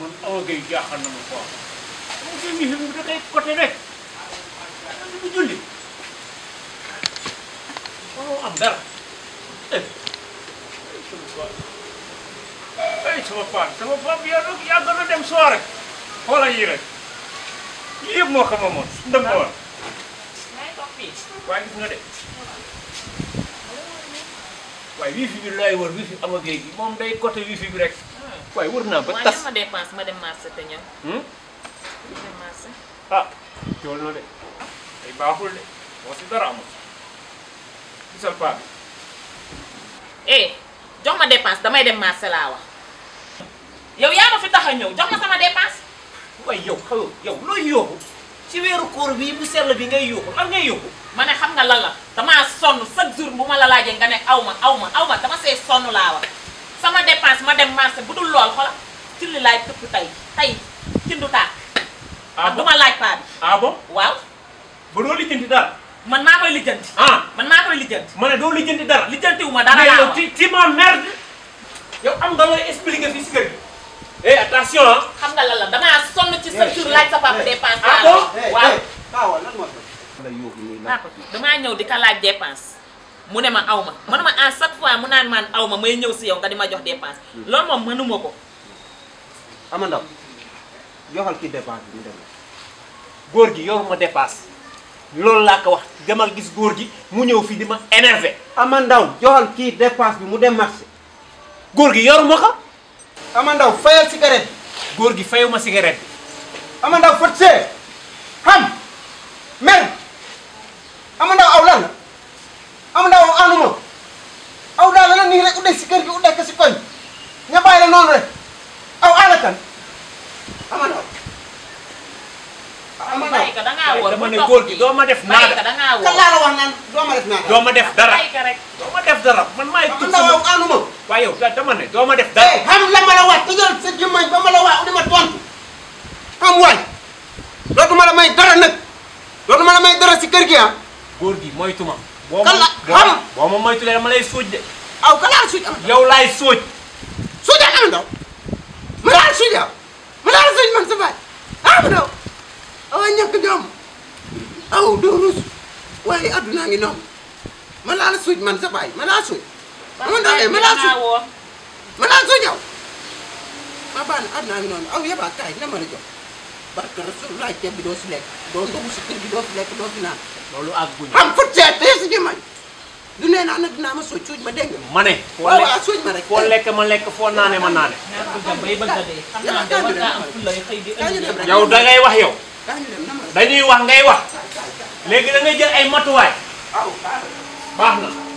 man Awa Gueye jaaxal na ma ko am. Awa Gueye mi ngi da koy côté rek. man du julli. waroo am dara. eh. ay sama paan na dem soirée. xoolal yii rek. lii yëpp moo ko moomoon. ndëm ko woon. waaye gis nga de. waaye wifi bi lay war wifi Awa gi moom day côté wifi bi rek. Wah, urna, bătas. Hmm? Ya. Eh, ya, ya, mana ada masă, mana mas itu nya. Hmm? Ada mas. Ah, jual urna deh. Ini bahul deh. O să dă ramă. Nu să-l ada Ei, joc mă depans, dă mai de masă la aua. Eu ia mă fi tahă eu, joc mă să yo. depans. Ué, eu, eu, eu, nu eu. ci wéru koor bi bu sell bi ngay yuuxu lan ngay yuuxu ma bu malala la awma awma awma tama see marché bu dul lool xola ci li laay tëpp tey tey ci ndu tàkk. Ah ma laaj paa bi. ah bon waaw. ba doo lijjanti dara. man maa koy lijjanti. Ah. man maa ne doo lijjanti dara. lijjanti wu ma dara ti ti ma merde. yow am nga looy expliquer fii si eh, ah. la damaa sonn ci sa tur eh, laaj sa papa eh, dépense. ah bon damaa ñëw di ka laaj dépense mu ne ma aw ma mu ne ma en temps mu nan man awma may ñew ci yow nga di jox dépense hmm. lool mom mënuma ko ama joxal ki dépense bi dem góor gi yow ma dépense lool la ko wax demal gis gorgi, gi mu ñew fi dima énervé amanda ndaw joxal ki dépense bi mu dem marché góor gi yor ko amanda fayal cigarette góor gi fayuma cigarette amanda fotse ham fat rek u nekk si kër gi u nekk si koñ nga bàyyi la noonu rek aw alakan amandoo. amandoo bàyyi ka da ngaa war dama ne góor gi doo ma def. naa def kan laa la wax naan doo ma def naa doo ma def dara doo ma def dara man maay. tudd sama waaw ànd ma. waaye yow dama ne doo ma def dara. Eh, xam la ma la wax tëjal sa jëmmañ ba ma la wax u di ma tontu am waay dootuma la may dara nag dootuma la may dara si kër gi ah. góor gi moytu ma. kan la xam boo ma moytulee dama lay suuj de. aw ka laal suuj am yow laay suuj suujal am ma laal suuj aw ma laal suuj man sa baay am ndaw awa ñàkk jom aw doo rus waaye ngi noonu ma laal suuj man sa baay ma laal suuj ma ndawee ma laal suuj aw ma baan adduna ngi noonu aw yebaa kaay na ma la jox barke Rasulullah ceeb bi doo si lekk doo dugg si kër gi doo si lekk doo si naan loolu ak guñ am fu teetee si jëmañ du nee naa nag dinaa ma soj soj ma dégg nga. ma ne. foo lekk soj ma rek foo lekk ma lekk foo naane ma naane. yow da ngay wax yow. dañuy wax ngay wax. léegi da ngay jël ay matuwaay. baax na.